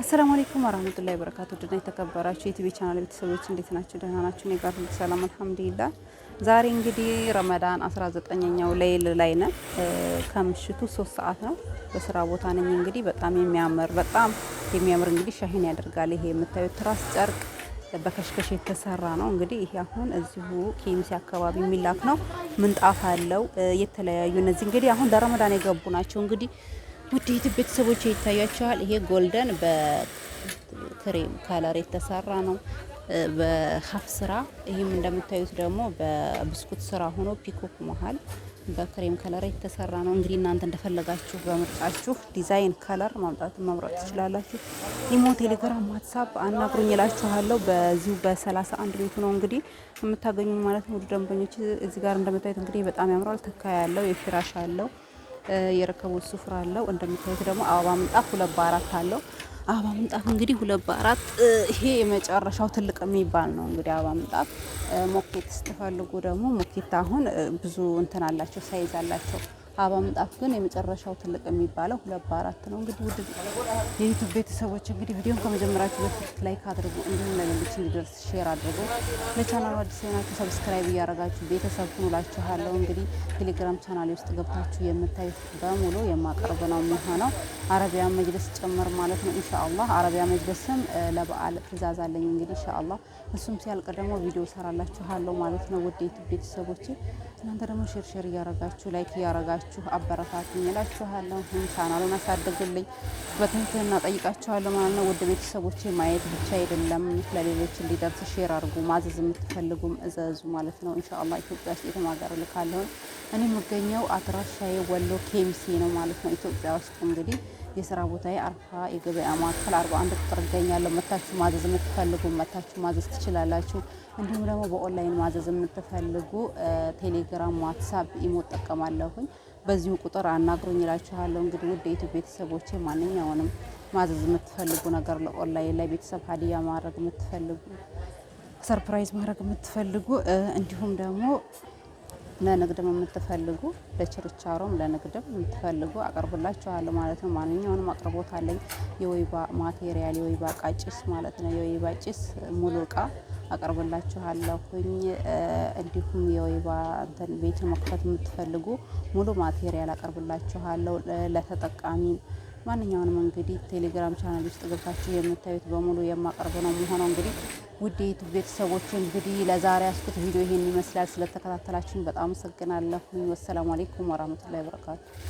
አሰላሙ አለይኩም ወራህመቱላሂ ወበረካቱ ድና የተከበራችሁ የዩቲዩብ ቻናል ቤተሰቦች እንዴት ናችሁ? ደህና ናችሁ? እኔ ጋር ሁሉ ሰላም አልሐምዱሊላህ። ዛሬ እንግዲህ ረመዳን 19ኛው ሌይል ላይ ነን። ከምሽቱ ሶስት ሰዓት ነው። በስራ ቦታ ነኝ። እንግዲህ በጣም የሚያምር በጣም የሚያምር እንግዲህ ሻሂን ያደርጋል። ይሄ የምታዩት ትራስ ጨርቅ በከሽከሽ የተሰራ ነው። እንግዲህ ይሄ አሁን እዚሁ ኬሚሴ አካባቢ የሚላክ ነው። ምንጣፍ አለው የተለያዩ እነዚህ እንግዲህ አሁን ለረመዳን የገቡ ናቸው እንግዲህ ውዴት ቤተሰቦች ይታያቸዋል። ይሄ ጎልደን በክሬም ካለር የተሰራ ነው በሀፍ ስራ። ይህም እንደምታዩት ደግሞ በብስኩት ስራ ሆኖ ፒኮክ መሀል በክሬም ከለር የተሰራ ነው። እንግዲህ እናንተ እንደፈለጋችሁ በምርጫችሁ ዲዛይን ከለር ማምጣት መምረጥ ትችላላችሁ። ኢሞ፣ ቴሌግራም፣ ዋትሳፕ አናግሩኝ እላችኋለሁ። በዚሁ በሰላሳ አንድ ቤቱ ነው እንግዲህ የምታገኙ ማለት ነው። ደንበኞች እዚህ ጋር እንደምታዩት እንግዲህ በጣም ያምራል። ትካ ያለው የፊራሽ አለው የረከቡት ሱፍራ አለው። እንደምታዩት ደግሞ አበባ ምንጣፍ ሁለት በአራት አለው። አበባ ምንጣፍ እንግዲህ ሁለት በአራት ይሄ የመጨረሻው ትልቅ የሚባል ነው። እንግዲህ አበባ ምንጣፍ ሞኬት ስትፈልጉ ደግሞ ሞኬት አሁን ብዙ እንትን አላቸው፣ ሳይዝ አላቸው አበባ ምንጣፍ ግን የመጨረሻው ትልቅ የሚባለው ሁለት በአራት ነው። እንግዲህ ውድ የዩቱብ ቤተሰቦች እንግዲህ ቪዲዮን ከመጀመራችሁ በፊት ላይክ አድርጉ፣ እንዲሁም ለሌሎች እንዲደርስ ሼር አድርጉ። ለቻናሉ አዲስ የሆናችሁ ሰብስክራይብ እያደረጋችሁ ቤተሰብ ሁኑላችኋለሁ። እንግዲህ ቴሌግራም ቻናሌ ውስጥ ገብታችሁ የምታዩት በሙሉ የማቀርብ ነው የሚሆነው አረቢያ መጅልስ ጭምር ማለት ነው። ኢንሻአላህ አረቢያ መጅልስም ለበዓል ትእዛዝ አለኝ እንግዲህ ኢንሻአላህ እሱም ሲያልቅ ደግሞ ቪዲዮ ሰራላችኋለሁ ማለት ነው። ውድ የዩቱብ ቤተሰቦች እናንተ ደግሞ ሼር ሼር እያረጋችሁ ላይክ እያረጋችሁ እያላችሁ አበረታቱኝ እላችኋለሁ። ቻናሉን አሳድጉልኝ በትህትና ጠይቃችኋለሁ ማለት ነው። ውድ ቤተሰቦች ማየት ብቻ አይደለም ለሌሎች እንዲደርስ ሼር አድርጉ። ማዘዝ የምትፈልጉም እዘዙ ማለት ነው። ኢንሻአላህ ኢትዮጵያ ውስጥ የትም ሀገር ልካለሁን። እኔ የምገኘው አድራሻዬ ወሎ ኬሚሴ ነው ማለት ነው። ኢትዮጵያ ውስጥ እንግዲህ የስራ ቦታዬ አርፋ የገበያ ማዕከል አርባ አንድ ቁጥር እገኛለሁ። መታችሁ ማዘዝ የምትፈልጉ መታችሁ ማዘዝ ትችላላችሁ። እንዲሁም ደግሞ በኦንላይን ማዘዝ የምትፈልጉ ቴሌግራም፣ ዋትሳፕ፣ ኢሞ እጠቀማለሁኝ። በዚሁ ቁጥር አናግሮኝ ይላችኋለሁ። እንግዲህ ውድ የኢትዮ ቤተሰቦች ማንኛውንም ማዘዝ የምትፈልጉ ነገር ለኦንላይን ላይ ቤተሰብ ሀዲያ ማድረግ የምትፈልጉ ሰርፕራይዝ ማድረግ የምትፈልጉ እንዲሁም ደግሞ ለንግድም የምትፈልጉ ለችርቻሮም ለንግድም የምትፈልጉ አቀርብላችኋለሁ ማለት ነው። ማንኛውንም አቅርቦት አለኝ። የወይባ ማቴሪያል የወይባ እቃ ጭስ ማለት ነው። የወይባ ጭስ ሙሉ እቃ አቀርብላችኋለሁኝ። እንዲሁም የወይባ እንትን ቤት መክፈት የምትፈልጉ ሙሉ ማቴሪያል አቀርብላችኋለሁ ለተጠቃሚ ማንኛውንም እንግዲህ ቴሌግራም ቻናል ውስጥ ገብታችሁ የምታዩት በሙሉ የማቀርብ ነው የሚሆነው። እንግዲህ ውዴት ዩቱብ ቤተሰቦች እንግዲህ ለዛሬ ያስኩት ቪዲዮ ይሄን ይመስላል። ስለተከታተላችሁን በጣም አመሰግናለሁኝ። ወሰላሙ አሌይኩም ወራህመቱላሂ ወበረካቱ